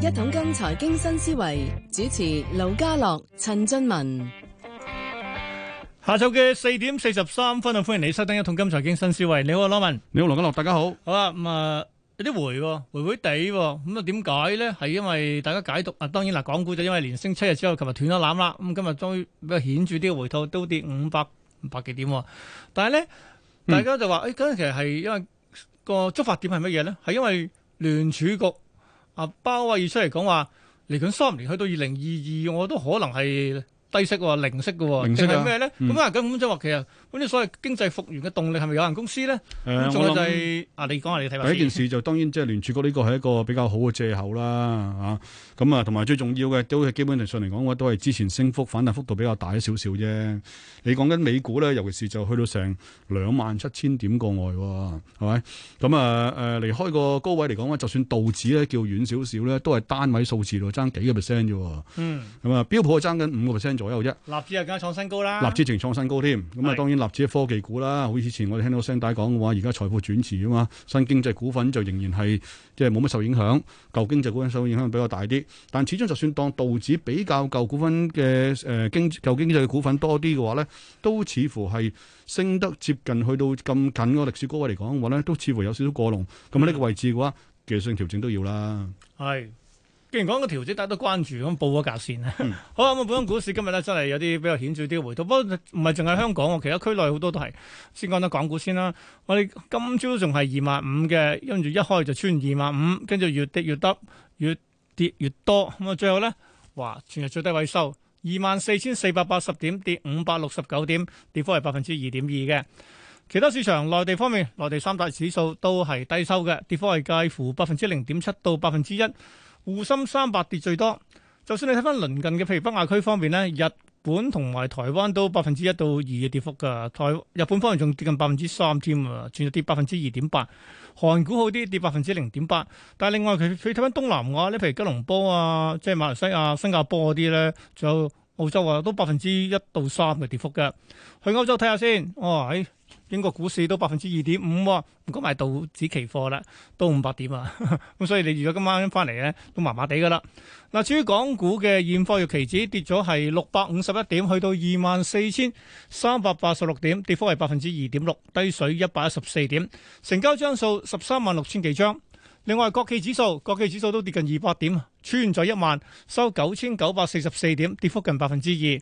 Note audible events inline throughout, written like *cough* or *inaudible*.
一桶金財經新思維主持盧家樂、陳俊文，下晝嘅四點四十三分啊！歡迎你收聽一桶金財經新思維。你好，羅文。你好，盧家樂，大家好。好啦、啊，咁、嗯呃、啊有啲回回回地咁啊，點、嗯、解呢？係因為大家解讀啊，當然啦，港股就因為連升七日之後，琴日斷咗纜啦，咁今日終於比較顯著啲嘅回吐，都跌五百。百幾點但係咧，嗯、大家就話，誒、欸，嗰陣其實係因為個觸發點係乜嘢咧？係因為聯儲局阿鮑威爾出嚟講話，嚟緊三年去到二零二二，我都可能係。低息喎，零息嘅，零息咩咧？咁啊，咁咁即係話，其實嗰啲所謂經濟復原嘅動力係咪有限公司咧？誒、呃，就是、我諗想啊，你講下你睇下。第一件事就當然即係聯儲局呢個係一個比較好嘅借口啦，嚇咁啊，同埋最重要嘅都係基本上嚟講嘅話都係之前升幅反彈幅度比較大少少啫。你講緊美股咧，尤其是就去到成兩萬七千點個外喎，係咪？咁啊誒，離開個高位嚟講咧，就算道指咧叫遠少少咧，都係單位數字度，爭幾個 percent 啫。嗯，咁啊，標普爭緊五個 percent。左右啫，納指又梗係創新高啦，納指仲創新高添。咁、嗯、啊，是當然納指科技股啦，好似以前我哋聽到聲帶講嘅話，而家財富轉移啊嘛，新經濟股份就仍然係即係冇乜受影響，舊經濟股份受影響比較大啲。但始終就算當道指比較舊股份嘅誒、呃、經舊經濟嘅股份多啲嘅話咧，都似乎係升得接近去到咁近個歷史高位嚟講嘅話咧，都似乎有少少過龍。咁啊、嗯，呢個位置嘅話，其實技術性調整都要啦。係。既然講個調整，大家都關注咁報咗價先咧。嗯嗯、 *laughs* 好啊，咁本港股市今日咧真係有啲比較顯著啲回吐，不過唔係淨係香港喎，其他區內好多都係先講多港股先啦。我哋今朝仲係二萬五嘅，跟住一開就穿二萬五，跟住越跌越得，越跌越多。咁啊，最後咧，哇，全日最低位收二萬四千四百八十點，跌五百六十九點，跌幅係百分之二點二嘅。其他市場內地方面，內地三大指數都係低收嘅，跌幅係介乎百分之零點七到百分之一。滬深三百跌最多，就算你睇翻鄰近嘅，譬如北亞區方面咧，日本同埋台灣都百分之一到二嘅跌幅噶。台日本方面仲跌近百分之三添啊，全日跌百分之二點八。韓股好啲，跌百分之零點八。但係另外佢佢睇翻東南亞咧，譬如吉隆坡啊，即係馬來西亞、新加坡嗰啲咧，仲有澳洲啊，都百分之一到三嘅跌幅噶。去歐洲睇下先哦喺。哎英國股市都百分之二點五，唔講埋道指期貨啦，都五百點啊，咁所以你如果今晚翻嚟咧，都麻麻地噶啦。嗱，至於港股嘅現貨月期指跌咗係六百五十一點，去到二萬四千三百八十六點，跌幅係百分之二點六，低水一百一十四點，成交張數十三萬六千幾張。另外，國企指數，國企指數都跌近二百點，穿咗一萬，收九千九百四十四點，跌幅近百分之二。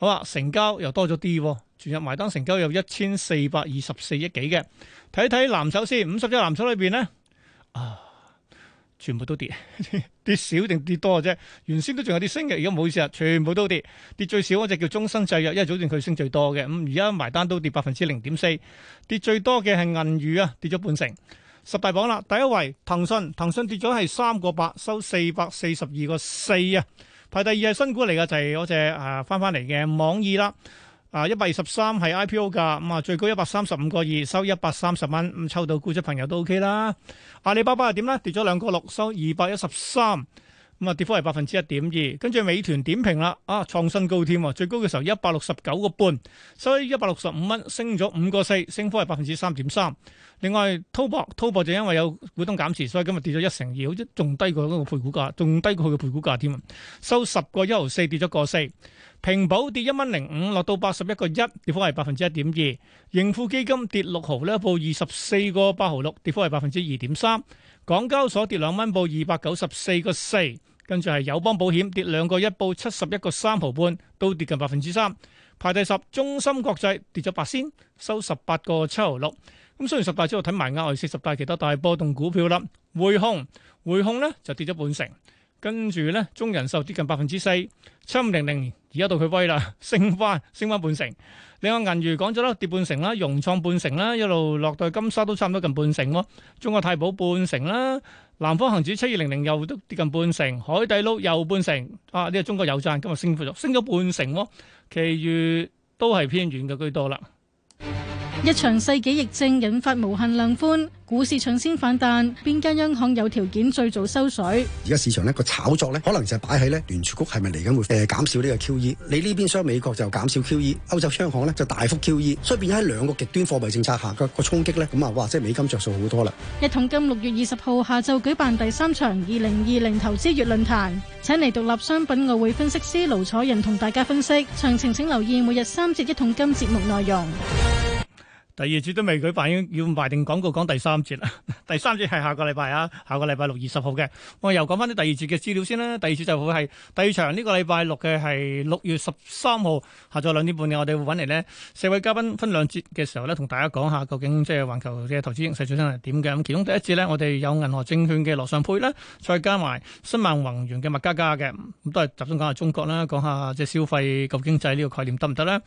好啊，成交又多咗啲啊。全日埋單成交有一千四百二十四億幾嘅，睇睇藍籌先，五十隻藍籌裏邊咧，啊，全部都跌，呵呵跌少定跌多嘅啫。原先都仲有啲升嘅，而家唔好意思啊，全部都跌，跌最少嗰隻叫中生製藥，因為早段佢升最多嘅。咁而家埋單都跌百分之零點四，跌最多嘅係銀娛啊，跌咗半成。十大榜啦，第一位騰訊，騰訊跌咗係三個八，收四百四十二個四啊。排第二係新股嚟嘅就係嗰隻啊翻翻嚟嘅網易啦。啊，一百二十三係 IPO 價，咁啊最高一百三十五個二，收一百三十蚊，咁抽到股質朋友都 OK 啦。阿里巴巴又點呢？跌咗兩個六，收二百一十三，咁啊跌幅係百分之一點二。跟住美團點評啦，啊創新高添喎，最高嘅時候一百六十九個半，收一百六十五蚊，升咗五個四，升幅係百分之三點三。另外，滔博滔博就因為有股東減持，所以今日跌咗一成二，好似仲低過嗰個配股價，仲低過佢嘅配股價添。收十個一毫四，跌咗個四。平保跌一蚊零五，落到八十一個一，跌幅係百分之一點二。盈富基金跌六毫咧，報二十四個八毫六，跌幅係百分之二點三。港交所跌兩蚊，報二百九十四個四，跟住係友邦保險跌兩個一，報七十一個三毫半，都跌近百分之三。排第十，中芯國際跌咗八仙，收十八個七毫六。咁雖然十大之後睇埋額外四十大其他大波動股票啦，匯控匯控咧就跌咗半成，跟住咧中人壽跌近百分之四，七五零零而家到佢威啦，升翻升翻半成。另外銀娛講咗啦，跌半成啦，融創半成啦，一路落到金沙都差唔多近半成咯。中國太保半成啦，南方恆指七二零零又都跌近半成，海底撈又半成。啊，呢個中國有贊，今日升幅升咗半成咯，其餘都係偏軟嘅居多啦。一場世紀疫症引發無限量寬，股市搶先反彈，邊間央行有條件最早收水？而家市場呢個炒作呢，可能就擺喺呢，聯儲局係咪嚟緊會減少呢個 QE。第二節都未舉辦，要賣定廣告講第三節啦。 *laughs* 第三節係下個禮拜啊，下個禮拜六二十號嘅，我又講翻啲第二節嘅資料先啦。第二節就會係第二場呢個禮拜六嘅係六月十三號下晝兩點半嘅，我哋會揾嚟呢四位嘉賓分兩節嘅時候呢，同大家講下究竟即係環球嘅投資形勢最新係點嘅。咁其中第一節呢，我哋有銀河證券嘅羅尚佩啦，再加埋新萬宏源嘅麥嘉嘉嘅，咁都係集中講下中國啦，講下即係消費及經濟呢個概念得唔得呢？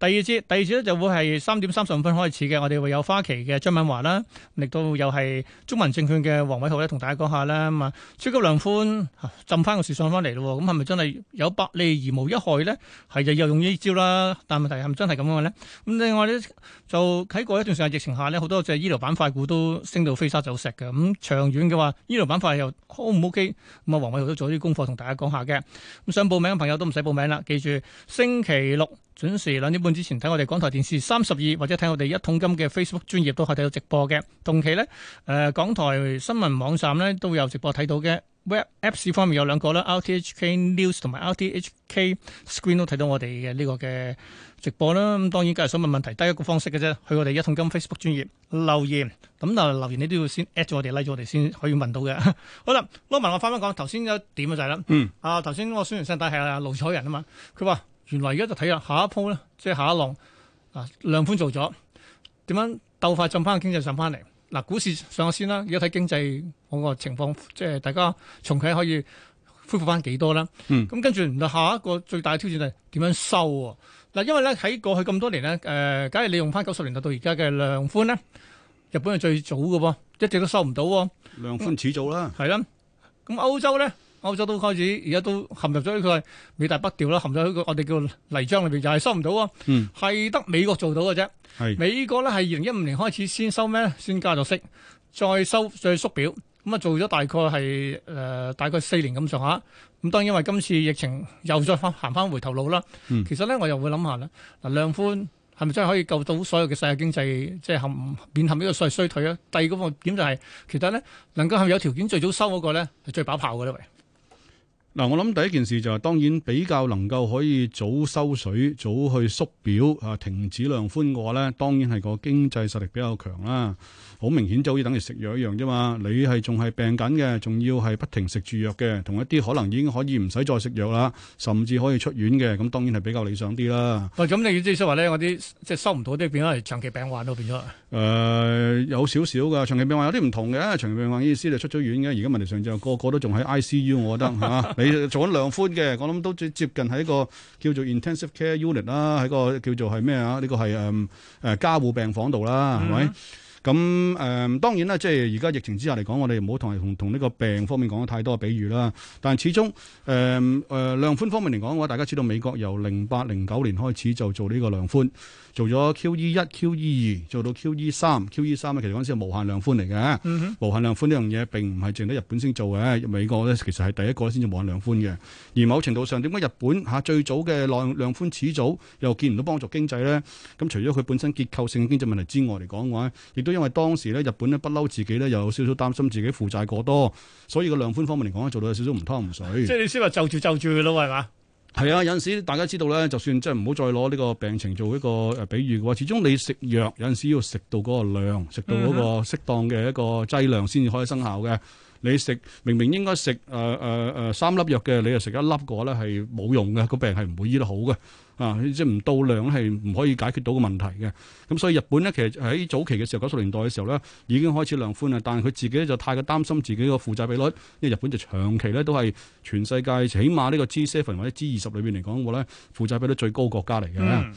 第二節，第二節咧就會係三點三十五分開始嘅，我哋會有花旗嘅張敏華啦，亦都又係。中文證券嘅黃偉豪咧，同大家講下啦。咁、嗯、啊，超級量寬、啊、浸翻,個市上翻嚟咯。咁係咪真係有百利而無一害咧？係就又用呢招啦。但問題係咪真係咁樣咧。咁、嗯、另外咧，就喺過一段時間疫情下咧，好多隻醫療板塊股都升到飛沙走石嘅。咁、嗯、長遠嘅話，醫療板塊又好唔 OK？咁啊，黃、嗯、偉豪都做咗啲功課，同大家講下嘅。咁、嗯、想報名嘅朋友都唔使報名啦。記住星期六。準時兩點半之前睇我哋港台電視三十二，或者睇我哋一桶金嘅 Facebook 專頁都可以睇到直播嘅。同期咧，誒、呃，港台新聞網站咧都有直播睇到嘅。Web Apps 方面有兩個啦，RTHK News 同埋 RTHK Screen 都睇到我哋嘅呢個嘅直播啦。咁當然，梗係想問問題，得一個方式嘅啫，去我哋一桶金 Facebook 專頁留言。咁嗱，留言你都要先 at 咗我哋，拉咗、嗯 like、我哋先可以問到嘅。好啦，我問我翻一講，頭先有一點嘅就係、是、啦，嗯，啊，頭先我宣傳聲帶係盧彩仁啊嘛，佢話。原來而家就睇下下一鋪咧，即係下一浪啊，量寬做咗點樣鬥快進翻經濟上翻嚟嗱，股市上咗先啦。而家睇經濟嗰個情況，即係大家重啟可以恢復翻幾多啦。嗯，咁跟住下一個最大嘅挑戰係點樣收嗱、啊？因為咧喺過去咁多年咧，誒、呃，假如你用翻九十年代到而家嘅量寬咧，日本係最早嘅喎，一直都收唔到。量寬始早啦，係啦、嗯，咁、啊、歐洲咧。歐洲都開始，而家都陷入咗呢個尾大不掉啦，陷入呢個我哋叫泥漿裏面，又係收唔到啊。係得美國做到嘅啫。美國咧係二零一五年開始先收咩？先加咗息，再收再縮表咁啊，做咗大概係誒大概四年咁上下。咁當然因為今次疫情又再行翻回頭路啦。其實咧，我又會諗下啦。嗱，量寬係咪真係可以救到所有嘅世界經濟？即係冚免冚呢個衰衰退啊？第二個點就係其實咧能夠係有條件最早收嗰個咧係最把炮嘅咧。嗱，我諗第一件事就係，當然比較能夠可以早收水，早去縮表啊，停止量寬嘅話咧，當然係個經濟實力比較強啦。好明顯就好似等於食藥一樣啫嘛，你係仲係病緊嘅，仲要係不停食住藥嘅，同一啲可能已經可以唔使再食藥啦，甚至可以出院嘅，咁當然係比較理想啲啦。喂、嗯，咁你意思即係話咧，我啲即係收唔到啲變咗係長期病患都變咗。誒、呃，有少少噶長期病患有，有啲唔同嘅長期病患嘅意思就出咗院嘅，而家問題上就係、個個都仲喺 ICU，我覺得嚇。你做緊量寬嘅，我諗都接近喺一個叫做 intensive care unit 啦，喺個叫做係咩、這個嗯嗯、啊？呢個係誒誒加護病房度啦，係咪？咁誒、嗯、當然啦，即係而家疫情之下嚟講，我哋唔好同同呢個病方面講咗太多嘅比喻啦。但係始終誒誒、嗯呃、量寬方面嚟講嘅話，大家知道美國由零八零九年開始就做呢個量寬，做咗 QE 一、QE 二，做到 QE 三、QE 三其實嗰陣時係無限量寬嚟嘅。嗯、哼無限量寬呢樣嘢並唔係淨係日本先做嘅，美國咧其實係第一個先至無限量寬嘅。而某程度上，點解日本嚇最早嘅量量寬始早又見唔到幫助經濟咧？咁除咗佢本身結構性經濟問題之外嚟講嘅話，亦都因為當時咧，日本咧不嬲自己咧，又有少少擔心自己負債過多，所以個量寬方面嚟講咧，做到有少少唔湯唔水。即係你先話就住就住佢咯，係嘛？係啊，有陣時大家知道咧，就算即係唔好再攞呢個病情做一個誒比喻嘅話，始終你食藥有陣時要食到嗰個量，食到嗰個適當嘅一個劑量先至可以生效嘅。你食明明應該食誒誒誒三粒藥嘅，你又食一粒嘅話咧，係冇用嘅，個病係唔會醫得好嘅。啊，即係唔到量係唔可以解決到個問題嘅。咁所以日本咧，其實喺早期嘅時候，九十年代嘅時候咧，已經開始量寬啦。但係佢自己就太過擔心自己個負債比率，因為日本就長期咧都係全世界起碼呢個 G7 或者 G20 裏邊嚟講嘅話咧，負債比率最高國家嚟嘅。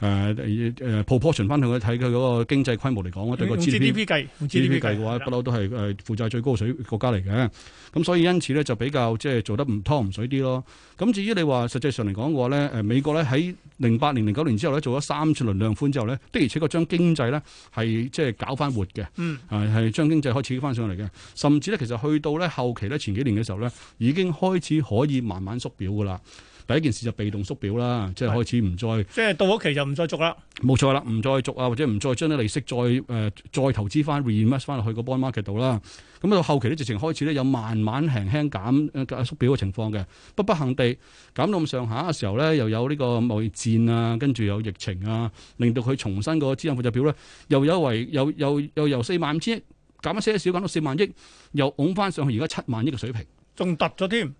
誒誒 proportion 翻去睇佢嗰個經濟規模嚟講，嗯、對個 GDP, GDP 計，GDP 計嘅話，不嬲都係誒負債最高水國家嚟嘅。咁、嗯、所以因此咧，就比較即係、就是、做得唔湯唔水啲咯。咁至於你話實際上嚟講嘅話咧，誒美國咧喺零八年、零九年之後咧做咗三次輪量寬之後咧，的而且確將經濟咧係即係搞翻活嘅，係、嗯啊、將經濟開始翻上嚟嘅。甚至咧，其實去到咧後期咧前幾年嘅時候咧，已經開始可以慢慢縮表噶啦。第一件事就被動縮表啦，即係的開始唔再，即係到期就唔再續啦。冇錯啦，唔再續啊，或者唔再將啲利息再誒、呃、再投資翻 reinvest 翻落去個 bond market 度啦。咁啊到後期咧，直情開始咧有慢慢輕輕減誒、呃、縮表嘅情況嘅，不不幸地減到咁上下嘅時候咧，又有呢個貿易戰啊，跟住有疫情啊，令到佢重新個資產負債表咧又有為又又又，又由四萬五千億減一些少，減到四萬億，又拱翻上去而家七萬億嘅水平，仲突咗添。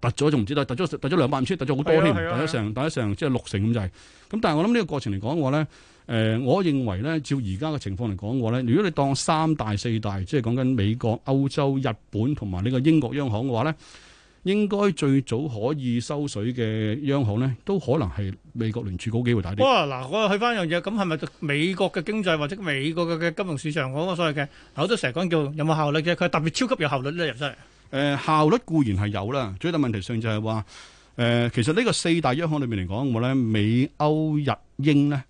突咗仲唔知道？但突咗，突咗兩百五千，突咗好多添，突一成，突一成，即係六成咁就滯。咁但係我諗呢個過程嚟講嘅話咧，誒、呃，我認為咧，照而家嘅情況嚟講嘅話咧，如果你當三大四大，即係講緊美國、歐洲、日本同埋呢個英國央行嘅話咧，應該最早可以收水嘅央行咧，都可能係美國聯儲局機會大啲。哇！嗱，我去翻一樣嘢，咁係咪美國嘅經濟或者美國嘅嘅金融市場嗰個所謂嘅，好多成日講叫有冇效率嘅，佢係特別超級有效率咧，入得嚟。誒效率固然係有啦，最大問題上就係話誒，其實呢個四大央行裏面嚟講，嘅話咧，美歐日英咧。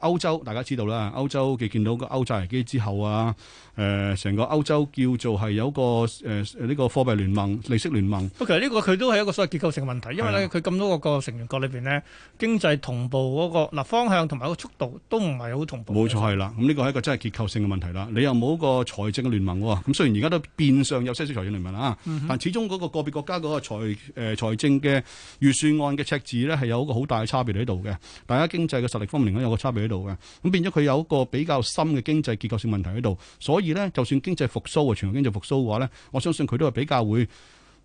歐洲大家知道啦，歐洲嘅見到個歐債危機之後啊，誒，成個歐洲叫做係有個誒呢個貨幣聯盟、利息聯盟。不過其實呢個佢都係一個所謂結構性嘅問題，因為咧佢咁多個個成員國裏邊咧，經濟同步嗰個嗱方向同埋個速度都唔係好同步。冇錯係啦，咁呢個係一個真係結構性嘅問題啦。你又冇一個財政聯盟喎，咁雖然而家都變相有些少財政聯盟啦，但始終嗰個個別國家嗰個財誒財政嘅預算案嘅赤字咧係有個好大嘅差別喺度嘅，大家經濟嘅實力方面咧有個差別。度嘅咁變咗佢有一個比較深嘅經濟結構性問題喺度，所以咧就算經濟復甦啊，全球經濟復甦嘅話咧，我相信佢都係比較會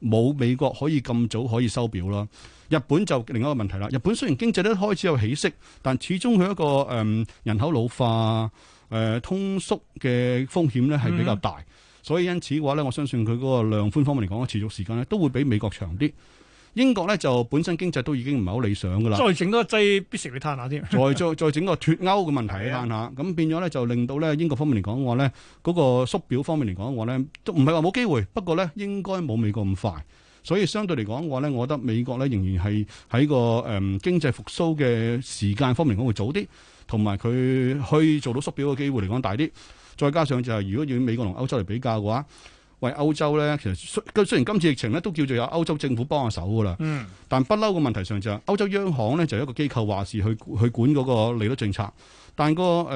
冇美國可以咁早可以收水啦。日本就另一個問題啦，日本雖然經濟都開始有起色，但始終佢一個誒、呃、人口老化誒、呃、通縮嘅風險咧係比較大，所以因此嘅話咧，我相信佢嗰個量寬方面嚟講咧，持續時間咧都會比美國長啲。英國咧就本身經濟都已經唔係好理想㗎喇，再整多劑必食去攤下添，再再再整個脫歐嘅問題攤下，咁 *laughs* 變咗咧就令到咧英國方面嚟講嘅話咧，嗰、那個縮表方面嚟講嘅話咧，都唔係話冇機會，不過咧應該冇美國咁快，所以相對嚟講嘅話咧，我覺得美國咧仍然係喺個誒、嗯、經濟復甦嘅時間方面講會早啲，同埋佢去做到縮表嘅機會嚟講大啲，再加上就係如果要美國同歐洲嚟比較嘅話。喂歐洲咧，其實雖雖然今次疫情咧，都叫做有歐洲政府幫下手噶啦。嗯，但不嬲嘅問題上就係、是、歐洲央行咧，就是、一個機構話事去去管嗰個利率政策，但、那個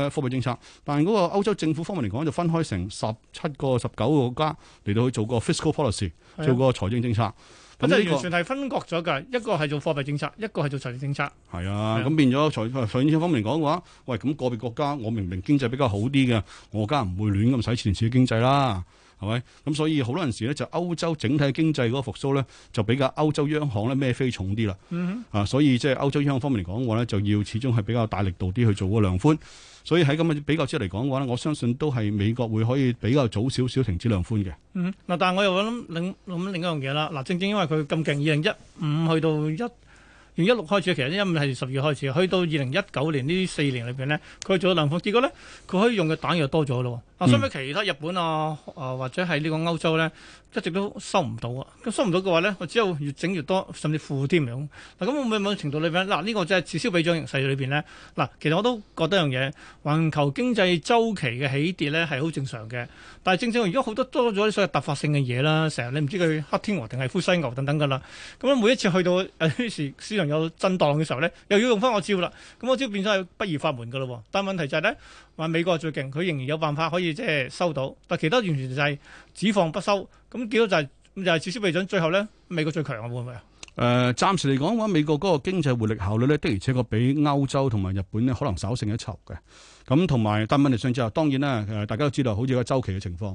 誒誒貨幣政策，但嗰個歐洲政府方面嚟講就分開成十七個十九個國家嚟到去做個 fiscal policy，啊、做個財政政策。咁即、這個、完全係分割咗嘅，一個係做貨幣政策，一個係做財政政策。係啊，咁、啊啊、變咗財財政方面嚟講嘅話，喂，咁、那個別國家我明明，明經濟比較好啲嘅，我梗係唔會亂咁使錢刺激經濟啦。係咪？咁所以好多陣時咧，就歐洲整體經濟嗰個復甦咧，就比較歐洲央行咧咩飛重啲啦。嗯哼。啊，所以即係歐洲央行方面嚟講嘅話咧，就要始終係比較大力度啲去做嗰個量寬。所以喺咁嘅比較之下嚟講嘅話咧，我相信都係美國會可以比較早少少停止量寬嘅。嗯哼。嗱，但係我又諗另諗另一樣嘢啦。嗱，正正因為佢咁勁，二零一五去到一二零一六開始，其實一五係十二開始，去到二零一九年呢四年裏邊咧，佢做量寬，結果咧，佢可以用嘅彈藥多咗咯。啊，相比其他日本啊，啊、呃、或者係呢個歐洲咧，一直都收唔到啊。咁收唔到嘅話咧，我只有越整越多，甚至負添、啊、樣。嗱咁，我每某程度裏邊，嗱、啊、呢、這個即係此消彼長嘅形勢裏邊咧。嗱、啊，其實我都覺得一樣嘢，環球經濟周期嘅起跌咧係好正常嘅。但係正正而家好多多咗啲所謂突發性嘅嘢啦，成日你唔知佢黑天鵝定係灰犀牛等等㗎啦。咁、啊、樣每一次去到市場有震盪嘅時候咧，又要用翻我招啦。咁我招變咗係不二法門㗎咯。但係問題就係咧，話美國最勁，佢仍然有辦法可以。即係收到，但其他完全就係只放不收，咁結果就係就係儲蓄未準，最後咧美國最強啊會唔會啊？誒，暫時嚟講嘅話，美國嗰個經濟活力效率咧，的而且確比歐洲同埋日本咧可能稍勝一籌嘅。咁同埋但問題上就係，當然啦，誒，大家都知道，好似個周期嘅情況。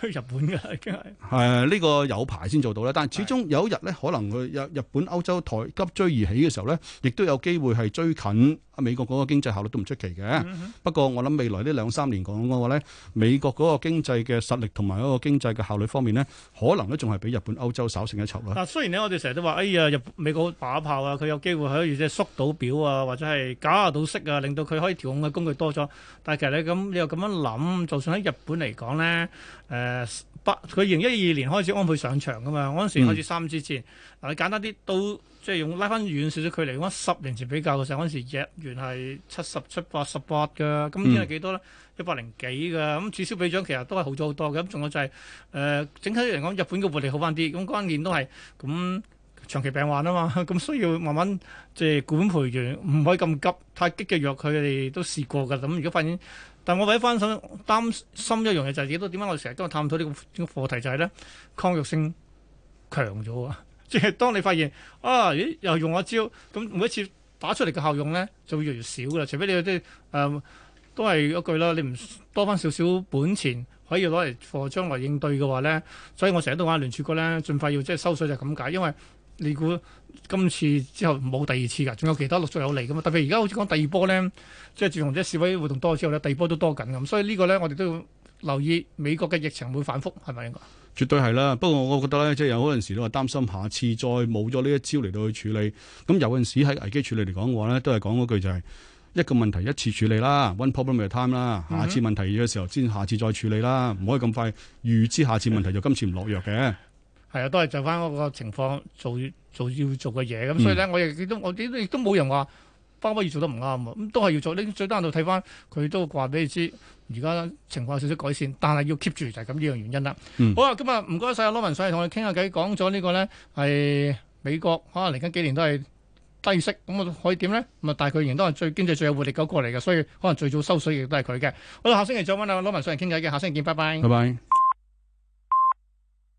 去日本嘅梗係。係呢、啊，這個有排先做到啦。但係始終有一日咧，可能佢日日本、歐洲台急追而起嘅時候咧，亦都有機會係追近美國嗰個經濟效率都唔出奇嘅。嗯、哼不過我諗未來呢兩三年講嘅話咧，美國嗰個經濟嘅實力同埋嗰個經濟嘅效率方面咧，可能都仲係比日本、歐洲稍勝一籌啦。嗱，雖然咧我哋成日都話，哎呀，日美國把炮啊，佢有機會可以即係縮到表啊，或者係搞下到息啊，令到佢可以調控嘅工具多咗。但係其實你咁，你又咁樣諗，就算喺日本嚟講咧。哎誒，不佢二零一二年開始安倍上場噶嘛，嗰陣時開始三支箭。嗱，你簡單啲，都即係用拉翻遠少少距離，嗰陣十年前比較嘅時候，嗰陣時弱元係七十七八十八嘅，咁而家幾多咧？一百零幾嘅。咁至少賠獎其實都係好咗好多嘅。咁仲有就係，誒，整體嚟講，日本嘅活力好翻啲。咁關鍵都係咁長期病患啊嘛，咁需要慢慢即係管培完，唔可以咁急太激嘅藥，佢哋都試過嘅。咁如果發現，但係我睇翻想擔心一樣嘢，就係幾多，點解我成日都去探討呢個呢個課題就係咧，抗藥性強咗啊！即 *laughs* 係當你發現啊，咦又用下招咁，每一次打出嚟嘅效用咧就會越嚟越少噶啦。除非你有啲誒、呃，都係嗰句啦，你唔多翻少少本錢可以攞嚟做將來應對嘅話咧，所以我成日都話聯儲局咧盡快要即係收水就係咁解，因為。你估今次之後冇第二次㗎？仲有其他陸續有嚟噶嘛？特別而家好似講第二波咧，即係自從即係示威活動多咗之後咧，第二波都多緊咁。所以個呢個咧，我哋都要留意美國嘅疫情會反覆係咪應該？絕對係啦。不過我我覺得咧，即係有嗰陣時都話擔心，下次再冇咗呢一招嚟到去處理。咁有陣時喺危機處理嚟講嘅話咧，都係講嗰句就係、是、一個問題一次處理啦，one problem at a time 啦。下次問題嘅時候先，下次再處理啦。唔、嗯、哼可以咁快預知下次問題就今次唔落藥嘅。係啊，都係就翻嗰個情況做做，做要做嘅嘢咁，嗯、所以咧我亦都我亦都冇人話花不花做得唔啱啊！咁都係要做，呢最多人度睇翻佢都話俾你知，而家情況有少少改善，但係要 keep 住就係咁呢樣原因啦。嗯、好啊，今日唔該晒阿羅文穗同我哋傾下偈，講咗呢個咧係美國，可能嚟緊幾年都係低息，咁啊可以點咧？咁啊但係佢仍然都係最經濟最有活力嗰個嚟嘅，所以可能最早收水亦都係佢嘅。好啦，下星期再揾阿羅文穗嚟傾偈嘅，下星期見，拜拜。拜拜。